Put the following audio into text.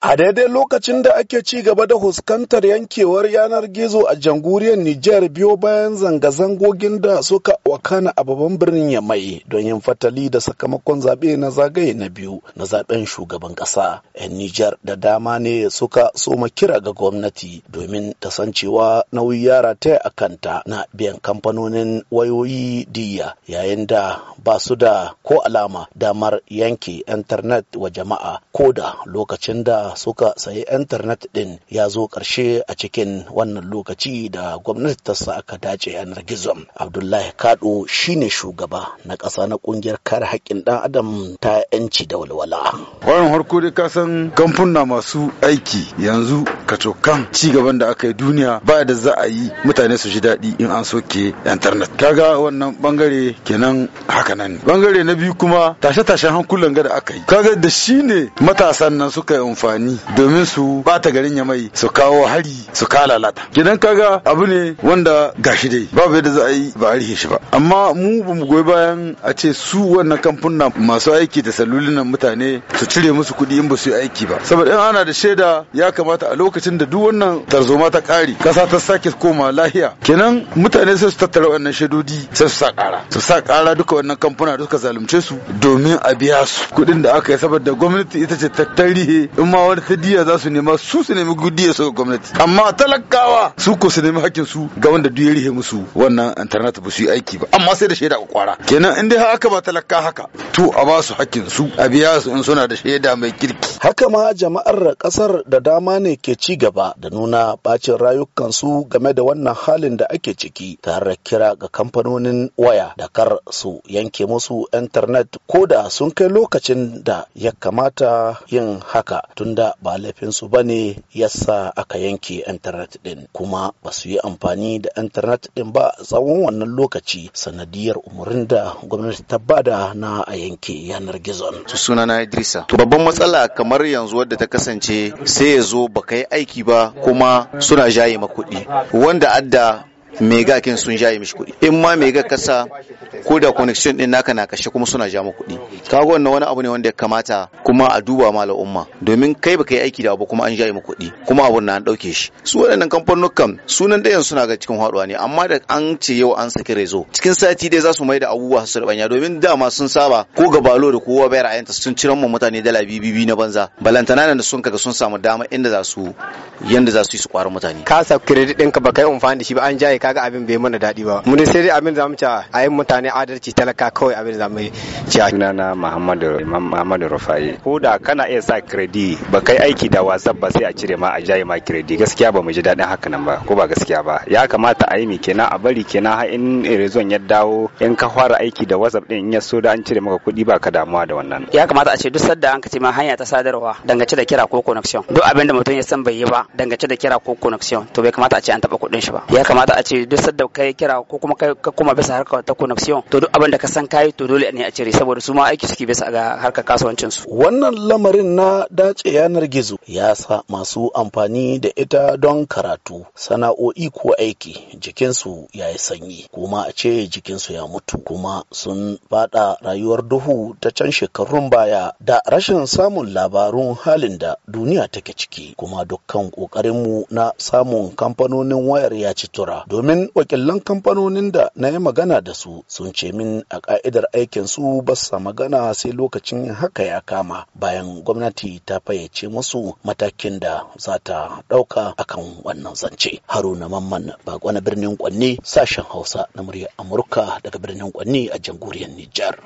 A daidai lokacin da ake ci gaba da huskantar yankewar yanar gizo a jamhuriyar Nijar biyo bayan zanga-zangogin da suka wakana a babban birnin Yamai don yin fatali da sakamakon zaɓe na zagaye na biyu na zaɓen shugaban ƙasa. 'Yan Nijar da dama ne suka soma kira ga gwamnati domin ta san cewa nauyi yara ta a kanta na biyan kamfanonin wayoyi diya yayin da ba su da ko alama damar yanke intanet wa jama'a ko da lokacin da suka sayi intanet ɗin ya zo karshe a cikin wannan lokaci da gwamnati ta sa aka dace yanar gizo. Abdullahi Kado shine shugaba na ƙasa na ƙungiyar kare haƙƙin ɗan adam ta 'yanci da walwala. Wannan harko dai ka san kamfuna masu aiki yanzu kacokan ci gaban da aka yi duniya ba da za a yi mutane su ji daɗi in an soke intanet. Kaga wannan bangare kenan haka nan. Bangare na biyu kuma tashe-tashen hankulan ga da aka yi. Kaga da shi ne matasan nan suka yi amfani amfani domin su bata garin ya mai su kawo hari su lalata. gidan kaga abu ne wanda gashi dai babu yadda za a yi ba a shi ba amma mu ba mu goyi bayan a ce su wannan kamfuna masu aiki da salulinan mutane su cire musu kuɗi in ba su yi aiki ba saboda in ana da shaida ya kamata a lokacin da duk wannan tarzoma ta ƙari kasa ta sake koma lahiya kenan mutane sai su tattara wannan shaidodi sai su sa ƙara su sa ƙara duka wannan kamfuna da suka zalunce su domin a biya su kuɗin da aka yi saboda gwamnati ita ce ta tarihe in ma wani ta diya za su nema su su nemi gudiya su ga gwamnati amma talakawa su ko su nemi hakkin su ga wanda duk ya rihe musu wannan internet ba su yi aiki ba amma sai da shaida kwara kenan in dai haka ba talaka haka to a ba su hakkin su a biya su in suna da shaida mai kirki haka ma jama'ar kasar da dama ne ke ci gaba da nuna bacin rayukan su game da wannan halin da ake ciki tare kira ga kamfanonin waya da kar su yanke musu internet ko da sun kai lokacin da ya kamata yin haka tunda wanda ba laifinsu ba ne yasa aka yanke intanet ɗin kuma ba su yi amfani da intanet ɗin ba tsawon wannan lokaci sanadiyar umarin da gwamnati ta bada na a yanke yanar gizon. suna na idrisa to babban matsala kamar yanzu wadda ta kasance sai ya zo ba kai aiki ba kuma suna jaye makuɗi wanda adda mega kin sun jaye mishi kuɗi in ma mega kasa ko da connection din naka na kashe kuma suna ja mu kuɗi kaga wannan wani abu ne wanda ya kamata kuma a duba ma al'umma domin kai baka yi aiki da abu kuma an jaye mu kuɗi kuma abun na an ɗauke shi su waɗannan kamfanukan sunan ɗayan suna ga cikin haɗuwa ne amma da an ce yau an saki rezo cikin sati dai za su mai da abubuwa su rubanya domin dama sun saba ko gabalo da kowa bai ra'ayinta sun ciran mu mutane dala bibi na banza balantana da sun kaga sun samu dama inda za su yanda za su yi su kwara mutane ka sa credit ɗinka baka yi amfani da shi ba an jaye kaga abin bai mana daɗi ba mun sai dai abin zamu ci a yin mutane adalci talaka kawai abin zamu ci na Muhammadu Muhammadu Rufai ko da kana iya sa kredi ba kai aiki da WhatsApp ba sai a cire ma a jaye ma kredi gaskiya ba mu ji daɗin haka nan ba ko ba gaskiya ba ya kamata a yi mi kenan a bari kenan har in rezon ya dawo in ka fara aiki da WhatsApp din in ya so da an cire maka kuɗi ba ka damuwa da wannan ya kamata a ce duk sadda an ka ce ma hanya ta sadarwa dangace da kira ko connection duk abin da mutum ya san bai yi ba dangace da kira ko connection to bai kamata a ce an taɓa kuɗin shi ba ya kamata a ce duk sadda kai kira ko kuma ka kuma bisa harkar ta connection to duk abinda da ka san kayi to dole ne a cire saboda su ma aiki suke bisa ga harkar kasuwancin su wannan lamarin na dace yanar gizo ya sa masu amfani da ita don karatu sana'o'i ko aiki jikinsu ya yi sanyi kuma a ce jikinsu ya mutu kuma sun fada rayuwar duhu ta can shekarun baya da rashin samun labarun halin da duniya take ciki kuma dukkan kokarin mu na samun kamfanonin wayar ya ci tura domin wakilan kamfanonin da na yi magana da su sun ce min a ka'idar aikin su ba magana sai lokacin haka ya kama bayan gwamnati ta fayyace musu matakin da za ta ɗauka akan wannan zance haruna mamman ba na birnin kwanne sashen hausa na muryar amurka daga birnin kwanne a jamhuriyar nijar